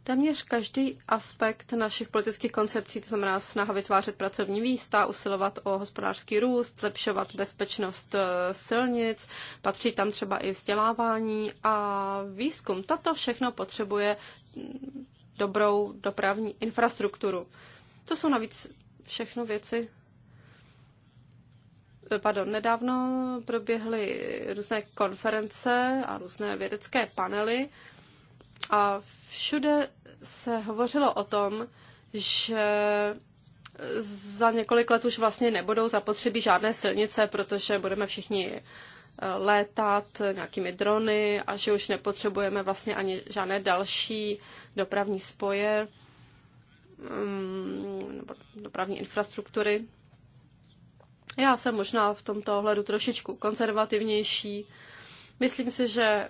C: Téměř každý aspekt našich politických koncepcí, to znamená snaha vytvářet pracovní místa, usilovat o hospodářský růst, zlepšovat bezpečnost eh, silnic, patří tam třeba i vzdělávání a výzkum. Toto všechno potřebuje mm, dobrou dopravní infrastrukturu. To jsou navíc všechno věci. Eh, pardon, nedávno proběhly různé konference a různé vědecké panely, a všude se hovořilo o tom, že za několik let už vlastně nebudou zapotřebí žádné silnice, protože budeme všichni eh, létat nějakými drony a že už nepotřebujeme vlastně ani žádné další dopravní spoje mm, nebo dopravní infrastruktury. Já jsem možná v tomto ohledu trošičku konzervativnější. Myslím si, že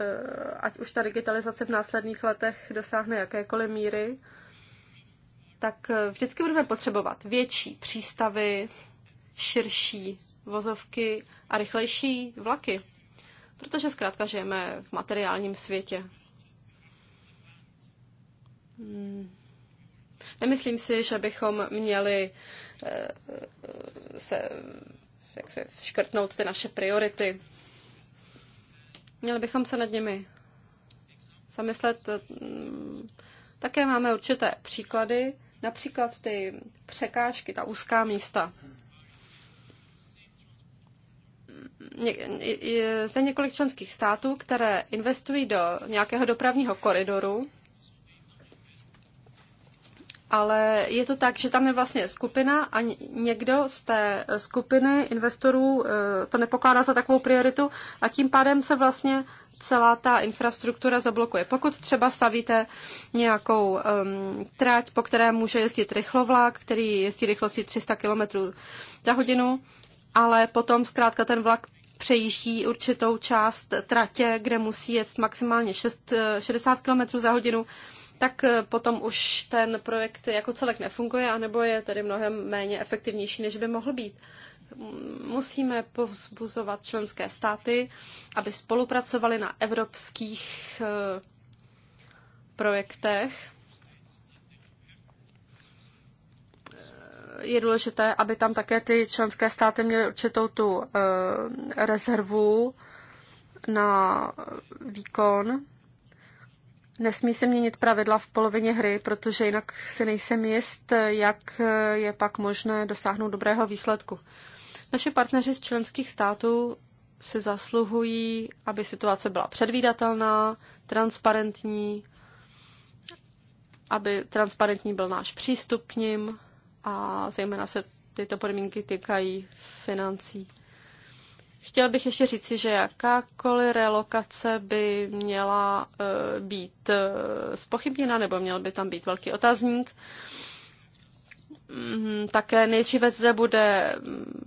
C: Eh, ať už ta digitalizace v následných letech dosáhne jakékoliv míry, tak eh, vždycky budeme potřebovat větší přístavy, širší vozovky a rychlejší vlaky. Protože zkrátka žijeme v materiálním světě. Hmm. Nemyslím si, že bychom měli eh, se, jak se škrtnout ty naše priority. Měli bychom se nad nimi zamyslet. Mm, také máme určité příklady, například ty překážky, ta úzká místa. Zde několik členských států, které investují do nějakého dopravního koridoru, ale je to tak, že tam je vlastně skupina a někdo z té skupiny investorů eh, to nepokládá za takovou prioritu a tím pádem se vlastně celá ta infrastruktura zablokuje. Pokud třeba stavíte nějakou um, trať, po které může jezdit rychlovlak, který jezdí rychlostí 300 km za hodinu, ale potom zkrátka ten vlak přejíždí určitou část tratě, kde musí jet maximálně 6, 60 km za hodinu, tak eh, potom už ten projekt jako celek nefunguje, anebo je tedy mnohem méně efektivnější, než by mohl být. Musíme povzbuzovat členské státy, aby spolupracovali na evropských eh, projektech. Eh, je důležité, aby tam také ty členské státy měly určitou tu rezervu na výkon Nesmí se měnit pravidla v polovině hry, protože jinak si nejsem jist, jak je pak možné dosáhnout dobrého výsledku. Naše partneři z členských států si zasluhují, aby situace byla předvídatelná, transparentní, aby transparentní byl náš přístup k ním a zejména se tyto podmínky týkají financí. Chtěl bych ještě říci, že jakákoliv relokace by měla eh, být spochybněna eh, nebo měl by tam být velký otazník. Mm, také nejdříve zde bude mm,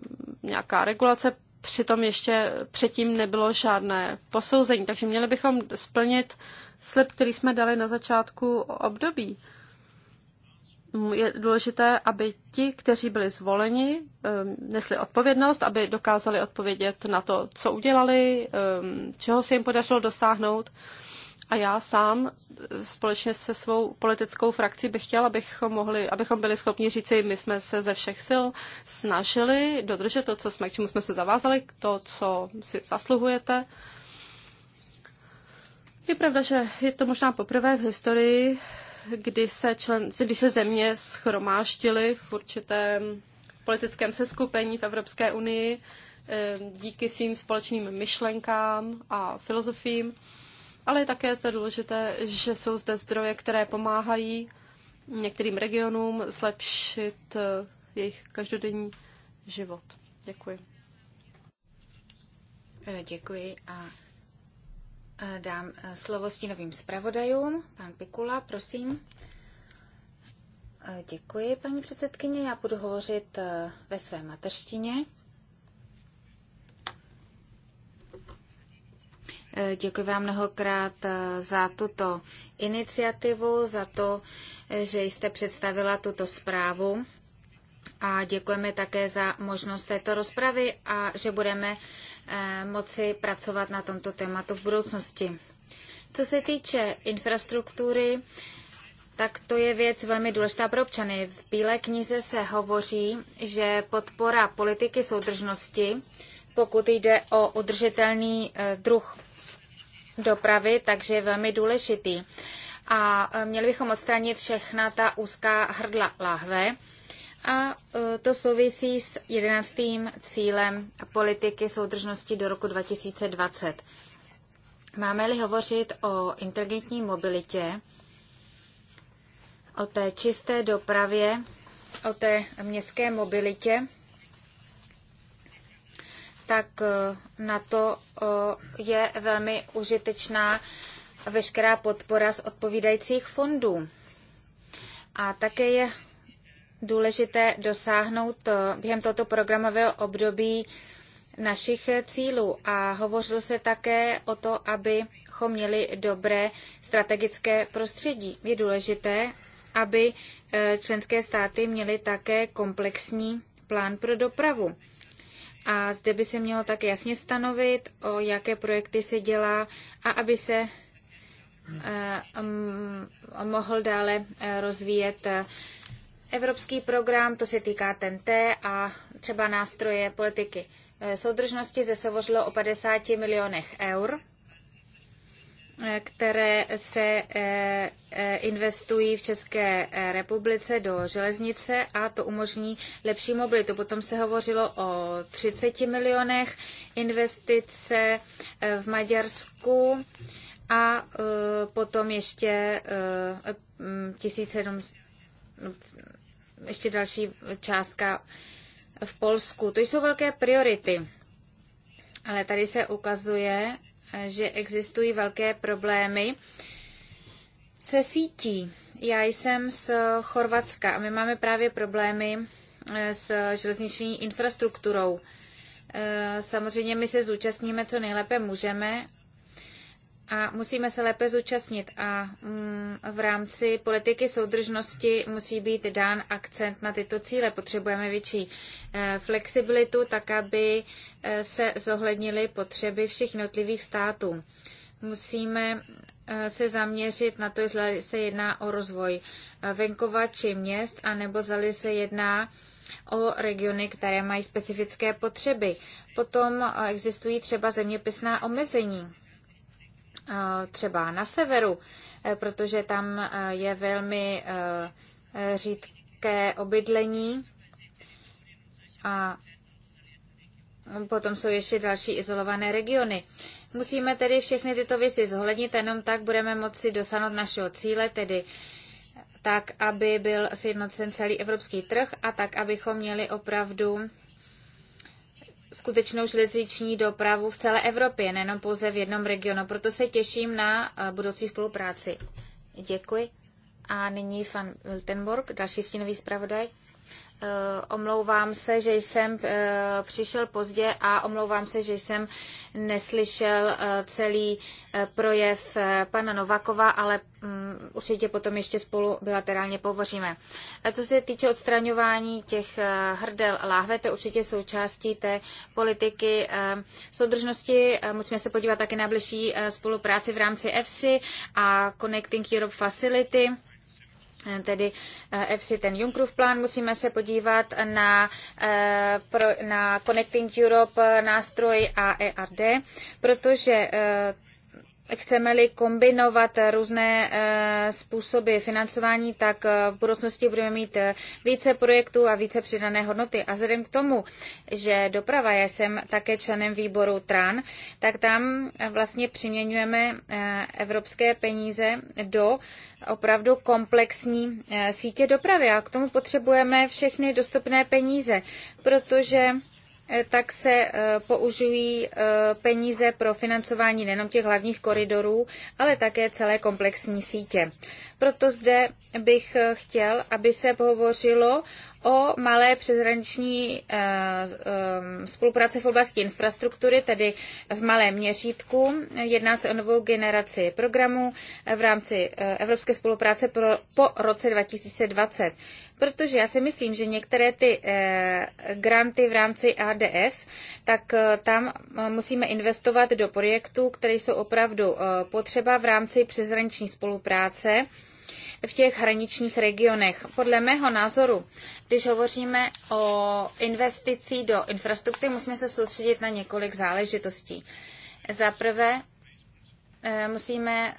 C: nějaká regulace, přitom ještě předtím nebylo žádné posouzení, takže měli bychom splnit slib, který jsme dali na začátku období je důležité, aby ti, kteří byli zvoleni, ehm, nesli odpovědnost, aby dokázali odpovědět na to, co udělali, ehm, čeho se jim podařilo dosáhnout. A já sám e, společně se svou politickou frakcí bych chtěl, abychom, mohli, abychom byli schopni říci, my jsme se ze všech sil snažili dodržet to, co jsme, k čemu jsme se zavázali, to, co si zasluhujete. Je pravda, že je to možná poprvé v historii, kdy se, člen, kdy se země schromáštily v určitém politickém seskupení v Evropské unii eh, díky svým společným myšlenkám a filozofím. ale je také zde důležité, že jsou zde zdroje, které pomáhají některým regionům zlepšit eh, jejich každodenní
A: život. Děkuji. Eh, děkuji a Eh, dám eh, slovo stínovým zpravodajům. Pan Pikula, prosím. Eh, děkuji, paní předsedkyně. Já budu hovořit ve své mateřštině. Děkuji vám mnohokrát za tuto iniciativu, za to, že jste představila tuto zprávu. A děkujeme také za možnost této rozpravy a že budeme Eh, moci pracovat na tomto tématu v budoucnosti. Co se týče infrastruktury, tak to je věc velmi důležitá pro občany. V Bílé knize se hovoří, že podpora politiky soudržnosti, pokud jde o udržitelný eh, druh dopravy, takže je velmi důležitý. A eh, měli bychom odstranit všechna ta úzká hrdla láhve, a e, to souvisí s jedenáctým cílem politiky soudržnosti do roku 2020. Máme-li hovořit o inteligentní mobilitě, o té čisté dopravě, o té městské mobilitě, tak e, na to je velmi užitečná veškerá podpora z odpovídajících fondů. A také je důležité dosáhnout eh, během tohoto programového období našich eh, cílů. A hovořilo se také o to, abychom měli dobré strategické prostředí. Je důležité, aby eh, členské státy měly také komplexní plán pro dopravu. A zde by se mělo tak jasně stanovit, o jaké projekty se dělá a aby se mohl dále rozvíjet Evropský program, to se týká TNT a třeba nástroje politiky eh, soudržnosti, se hovořilo o 50 milionech eur, eh, které se eh, investují v České republice do železnice a to umožní lepší mobilitu. Potom se hovořilo o 30 milionech investice v Maďarsku a potom ještě 1700 ještě další částka v Polsku. To jsou velké priority. Ale tady se ukazuje, že existují velké problémy se sítí. Já jsem z Chorvatska a my máme právě problémy eh, s železniční infrastrukturou. Eh, samozřejmě my se zúčastníme, co nejlépe můžeme, a musíme se lépe zúčastnit a mm, v rámci politiky soudržnosti musí být dán akcent na tyto cíle. Potřebujeme větší eh, flexibilitu, tak aby eh, se zohlednily potřeby všech jednotlivých států. Musíme eh, se zaměřit na to, jestli se jedná o rozvoj venkova či měst, anebo zali se jedná o regiony, které mají specifické potřeby. Potom existují třeba zeměpisná omezení třeba na severu, e, protože tam e, je velmi e, řídké obydlení a potom jsou ještě další izolované regiony. Musíme tedy všechny tyto věci zohlednit, jenom tak budeme moci dosáhnout našeho cíle, tedy tak, aby byl sjednocen celý evropský trh a tak, abychom měli opravdu skutečnou železniční dopravu v celé Evropě, nejenom pouze v jednom regionu. Proto se těším na eh, budoucí spolupráci. Děkuji. A nyní van Wiltenborg, další stínový zpravodaj. Eh, omlouvám se, že jsem eh, přišel pozdě a omlouvám se, že jsem neslyšel eh, celý projev pana Novakova, ale mm, určitě potom ještě spolu bilaterálně povoříme. Co se týče odstraňování těch hrdel láhve, to je určitě součástí té politiky soudržnosti. Musíme se podívat také na blížší spolupráci v rámci EFSI a Connecting Europe Facility tedy EFSI, eh, ten Junckerův plán, musíme se podívat na, eh, na Connecting Europe eh, nástroj a e protože Chceme-li kombinovat různé eh, způsoby financování, tak eh, v budoucnosti budeme mít eh, více projektů a více přidané hodnoty. A vzhledem k tomu, že doprava, já jsem také členem výboru TRAN, tak tam vlastně přiměňujeme evropské peníze do opravdu komplexní sítě dopravy. A k tomu potřebujeme všechny dostupné peníze, protože Eh, tak se eh, použijí eh, peníze pro financování nejenom těch hlavních koridorů, ale také celé komplexní sítě. Proto zde bych chtěl, aby se pohovořilo o malé přeshraniční spolupráci v oblasti infrastruktury, tedy v malém měřítku. Jedná se o novou generaci programů v rámci Evropské spolupráce pro, po roce 2020 protože já si myslím, že některé ty eh, granty v rámci ADF, tak eh, tam eh, musíme investovat do projektů, které jsou opravdu potřeba v rámci přeshraniční spolupráce v těch hraničních regionech. Podle mého názoru, když hovoříme o investicích do infrastruktury, musíme se soustředit na několik záležitostí. Za prvé, musíme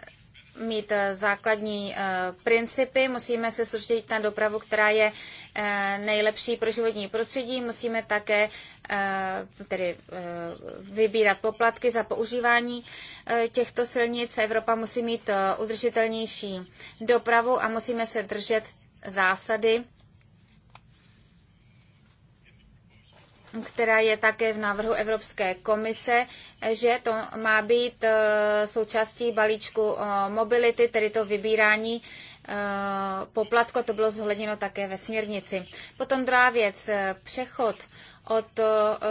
A: mít eh, základní eh, principy, musíme se soustředit na dopravu, která je eh, nejlepší pro životní prostředí, musíme také tedy vybírat poplatky za používání těchto silnic. Evropa musí mít udržitelnější dopravu a musíme se držet zásady která je také v návrhu Evropské komise, že to má být eh, součástí balíčku eh, mobility, tedy to vybírání eh, poplatko, to bylo zohledněno také ve směrnici. Potom druhá věc, přechod od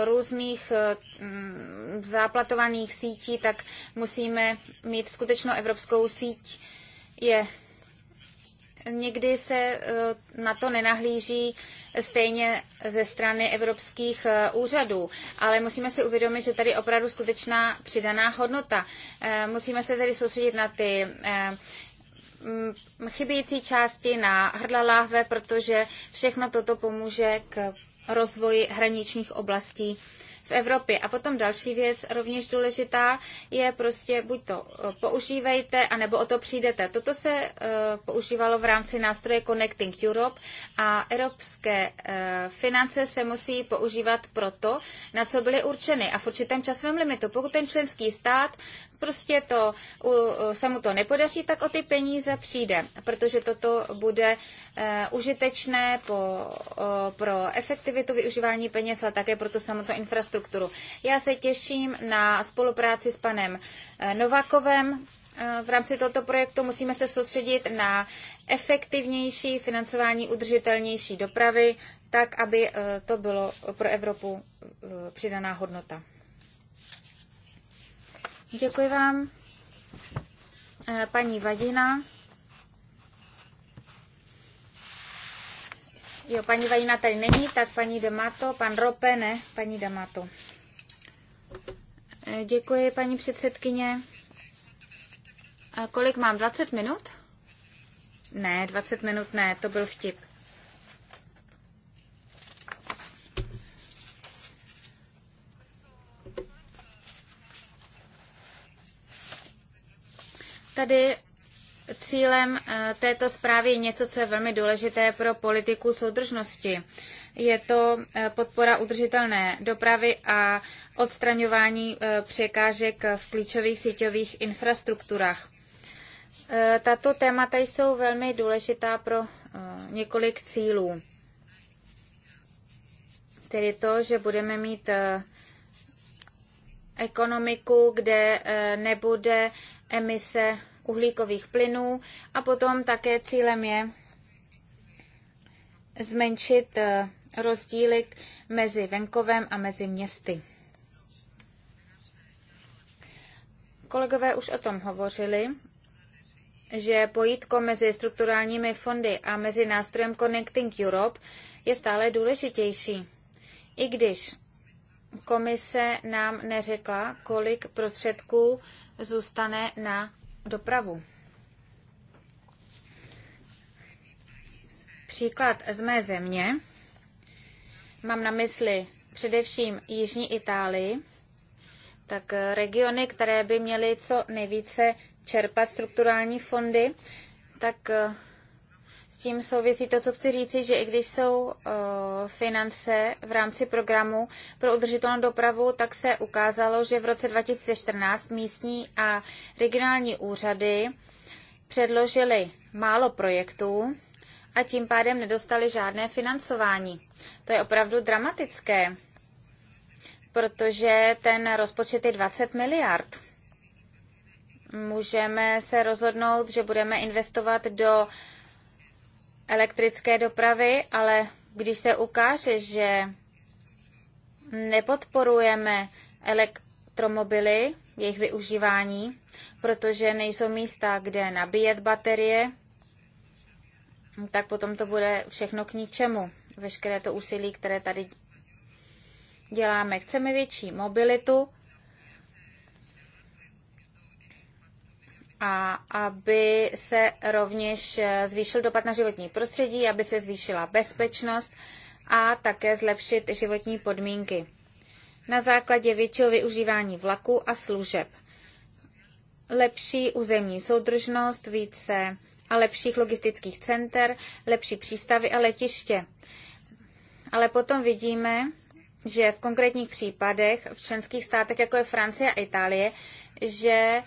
A: různých mm, záplatovaných sítí, tak musíme mít skutečnou evropskou síť. Je někdy se e, na to nenahlíží stejně ze strany evropských e, úřadů, ale musíme si uvědomit, že tady opravdu skutečná přidaná hodnota. E, musíme se tedy soustředit na ty chybějící části na hrdla láhve, protože všechno toto pomůže k rozvoji hraničních oblastí v Evropě. A potom další věc, rovněž důležitá, je prostě buď to eh, používejte, anebo o to přijdete. Toto se eh, používalo v rámci nástroje Connecting Europe a evropské eh, finance se musí používat proto, na co byly určeny a v určitém časovém limitu. Pokud ten členský stát prostě to, se mu to nepodaří, tak o ty peníze přijde, protože toto bude užitečné po, pro efektivitu využívání peněz, a také pro tu samotnou infrastrukturu infrastrukturu. Já se těším na spolupráci s panem eh, Novakovem. Eh, v rámci tohoto projektu musíme se soustředit na efektivnější financování udržitelnější dopravy, tak, aby eh, to bylo pro Evropu přidaná hodnota. Děkuji vám. Paní Vadina. Jo, paní Vajina tady není, tak paní Damato, pan Rope, ne, paní Damato. Eh, děkuji, paní předsedkyně. A kolik mám, 20 minut? Ne, 20 minut ne, to byl vtip. Tady Cílem eh, této zprávy je něco, co je velmi důležité pro politiku soudržnosti. Je to eh, podpora udržitelné dopravy a odstraňování eh, překážek v klíčových síťových infrastrukturách. Tato témata jsou velmi důležitá pro několik cílů. Tedy to, že budeme mít ekonomiku, kde nebude emise uhlíkových plynů a potom také cílem je zmenšit eh, rozdíly mezi venkovem a mezi městy. Kolegové už o tom hovořili, že pojítko mezi strukturálními fondy a mezi nástrojem Connecting Europe je stále důležitější. I když komise nám neřekla, kolik prostředků zůstane na dopravu. Příklad z mé země. Mám na mysli především Jižní Itálii, tak eh, regiony, které by měly co nejvíce čerpat strukturální fondy, tak eh, tím souvisí to, co chci říci, že i když jsou uh, finance v rámci programu pro udržitelnou dopravu, tak se ukázalo, že v roce 2014 místní a regionální úřady předložili málo projektů a tím pádem nedostali žádné financování. To je opravdu dramatické, protože ten rozpočet je 20 miliard můžeme se rozhodnout, že budeme investovat do elektrické dopravy, ale když se ukáže, že nepodporujeme elektromobily, jejich využívání, protože nejsou místa, kde nabíjet baterie, tak potom to bude všechno k ničemu. Veškeré to úsilí, které tady děláme. Chceme větší mobilitu, a aby se rovněž eh, zvýšil dopad na životní prostředí, aby se zvýšila bezpečnost a také zlepšit životní podmínky na základě většího využívání vlaku a služeb. Lepší územní soudržnost, více a lepších logistických center, lepší přístavy a letiště. Ale potom vidíme, že v konkrétních případech v členských státech, jako je Francie a Itálie, že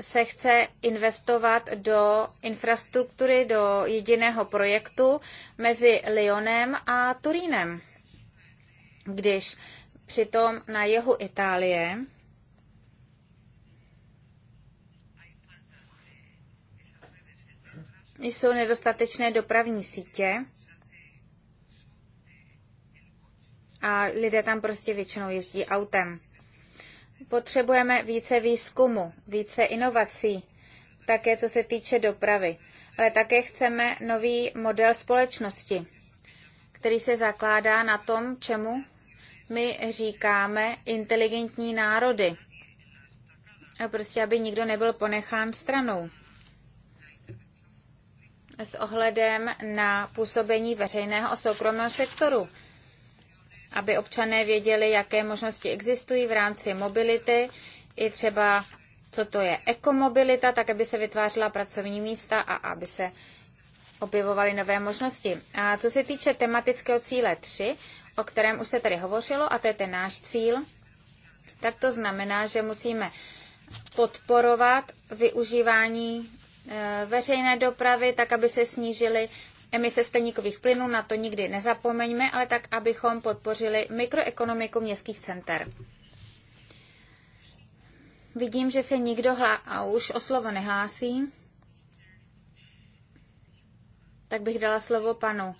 A: se chce investovat do infrastruktury, do jediného projektu mezi Lyonem a Turínem. Když přitom na jihu Itálie jsou nedostatečné dopravní sítě a lidé tam prostě většinou jezdí autem. Potřebujeme více výzkumu, více inovací, také co se týče dopravy, ale také chceme nový model společnosti, který se zakládá na tom, čemu my říkáme inteligentní národy. A prostě, aby nikdo nebyl ponechán stranou. S ohledem na působení veřejného a soukromého sektoru aby občané věděli, jaké možnosti existují v rámci mobility, i třeba co to je ekomobilita, tak aby se vytvářela pracovní místa a aby se objevovaly nové možnosti. A co se týče tematického cíle 3, o kterém už se tady hovořilo, a to je ten náš cíl, tak to znamená, že musíme podporovat využívání eh, veřejné dopravy, tak aby se snížily emise skleníkových plynů, na to nikdy nezapomeňme, ale tak, abychom podpořili mikroekonomiku městských center. Vidím, že se nikdo hlá, už o slovo nehlásí. Tak bych dala slovo panu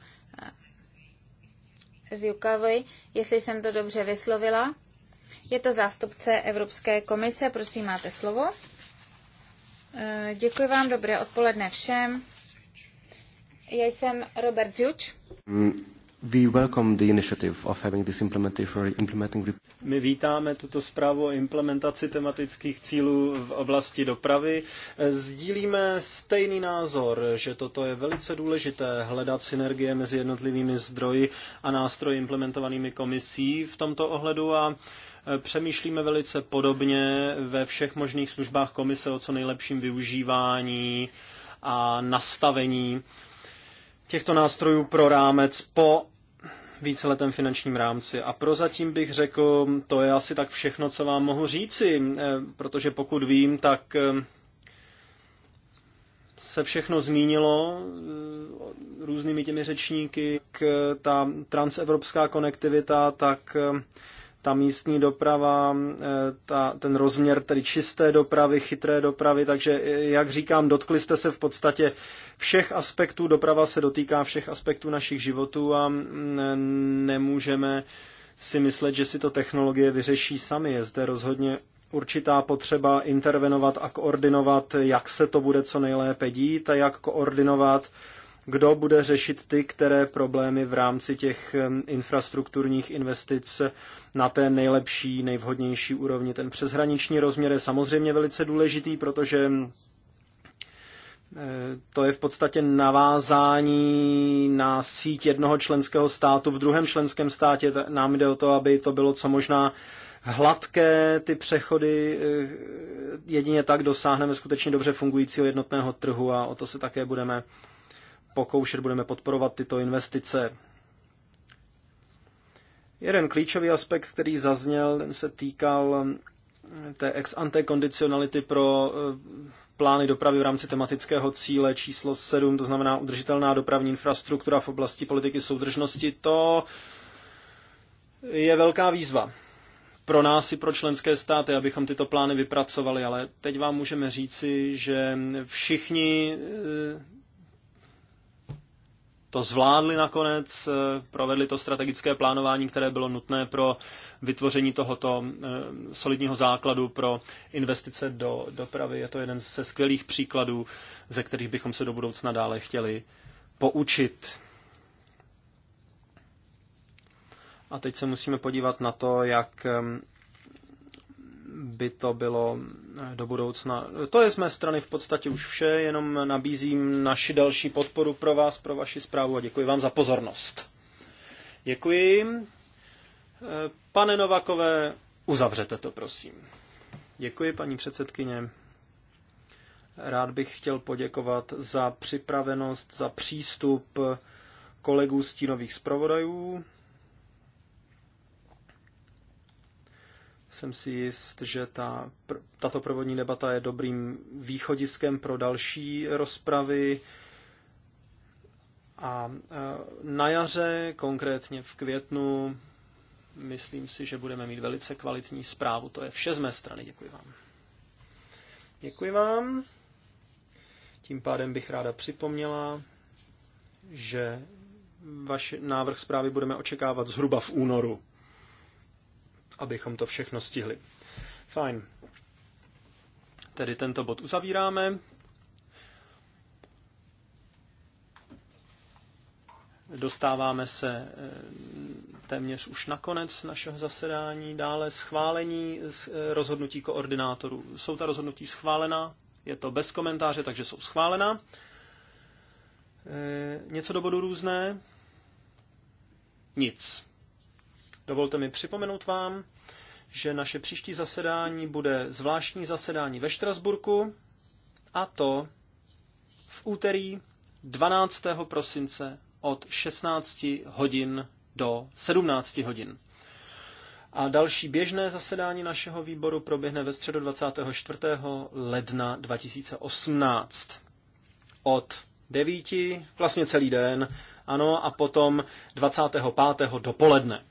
A: eh, Zjukovi, jestli jsem to dobře vyslovila. Je to zástupce Evropské komise, prosím, máte slovo. Eh, děkuji vám, dobré odpoledne všem. Já jsem Robert Zuč.
B: Mm, we welcome the initiative of having this implementing My vítáme tuto zprávu o implementaci tematických cílů v oblasti dopravy. Eh, sdílíme stejný názor, že toto je velice důležité hledat synergie mezi jednotlivými zdroji a nástroji implementovanými komisí v tomto ohledu a eh, přemýšlíme velice podobně ve všech možných službách komise o co nejlepším využívání a nastavení těchto nástrojů pro rámec po víceletém finančním rámci. A prozatím bych řekl, to je asi tak všechno, co vám mohu říci, eh, protože pokud vím, tak eh, se všechno zmínilo eh, různými těmi řečníky, k ta transevropská konektivita, tak ta místní doprava, eh, ta, ten rozměr tedy čisté dopravy, chytré dopravy, takže eh, jak říkám, dotkli jste se v podstatě všech aspektů, doprava se dotýká všech aspektů našich životů a mm, nemůžeme si myslet, že si to technologie vyřeší sami. Je zde rozhodně určitá potřeba intervenovat a koordinovat, jak se to bude co nejlépe dít a jak koordinovat kdo bude řešit ty, které problémy v rámci těch infrastrukturních investic na té nejlepší, nejvhodnější úrovni. Ten přeshraniční rozměr je samozřejmě velice důležitý, protože eh, to je v podstatě navázání na síť jednoho členského státu v druhém členském státě. Nám jde o to, aby to bylo co možná hladké ty přechody. Eh, jedině tak dosáhneme skutečně dobře fungujícího jednotného trhu a o to se také budeme pokoušet, budeme podporovat tyto investice. Jeden klíčový aspekt, který zazněl, ten se týkal eh, té ex ante kondicionality pro eh, plány dopravy v rámci tematického cíle číslo 7, to znamená udržitelná dopravní infrastruktura v oblasti politiky soudržnosti. To je velká výzva pro nás i pro členské státy, abychom tyto plány vypracovali, ale teď vám můžeme říci, že všichni eh, to zvládli nakonec, eh, provedli to strategické plánování, které bylo nutné pro vytvoření tohoto eh, solidního základu pro investice do dopravy. Je to jeden ze skvělých příkladů, ze kterých bychom se do budoucna dále chtěli poučit. A teď se musíme podívat na to, jak eh, by to bylo eh, do budoucna. To je z mé strany v podstatě už vše, jenom nabízím naši další podporu pro vás, pro vaši zprávu a děkuji vám za pozornost. Děkuji. Eh, pane Novakové, uzavřete to, prosím. Děkuji, paní předsedkyně. Rád bych chtěl poděkovat za připravenost, za přístup kolegů stínových zpravodajů jsem si jist, že ta, tato provodní debata je dobrým východiskem pro další rozpravy. A e, na jaře, konkrétně v květnu, myslím si, že budeme mít velice kvalitní zprávu. To je vše z mé strany. Děkuji vám. Děkuji vám. Tím pádem bych ráda připomněla, že vaš návrh zprávy budeme očekávat zhruba v únoru abychom to všechno stihli. Fajn. Tedy tento bod uzavíráme. Dostáváme se eh, téměř už na konec našeho zasedání. Dále schválení eh, rozhodnutí koordinátorů. Jsou ta rozhodnutí schválená? Je to bez komentáře, takže jsou schválená. Eh, něco do bodu různé? Nic. Dovolte mi připomenout vám, že naše příští zasedání bude zvláštní zasedání ve Štrasburku, a to v úterý 12. prosince od 16 hodin do 17 hodin. A další běžné zasedání našeho výboru proběhne ve středu 24. ledna 2018 od 9, vlastně celý den, ano, a potom 25. dopoledne.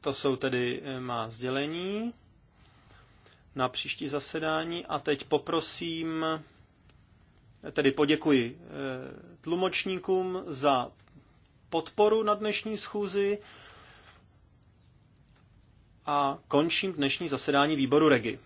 B: To jsou tedy eh, má sdělení na příští zasedání. A teď poprosím, eh, tedy poděkuji eh, tlumočníkům za podporu na dnešní schůzi a končím dnešní zasedání výboru Regi.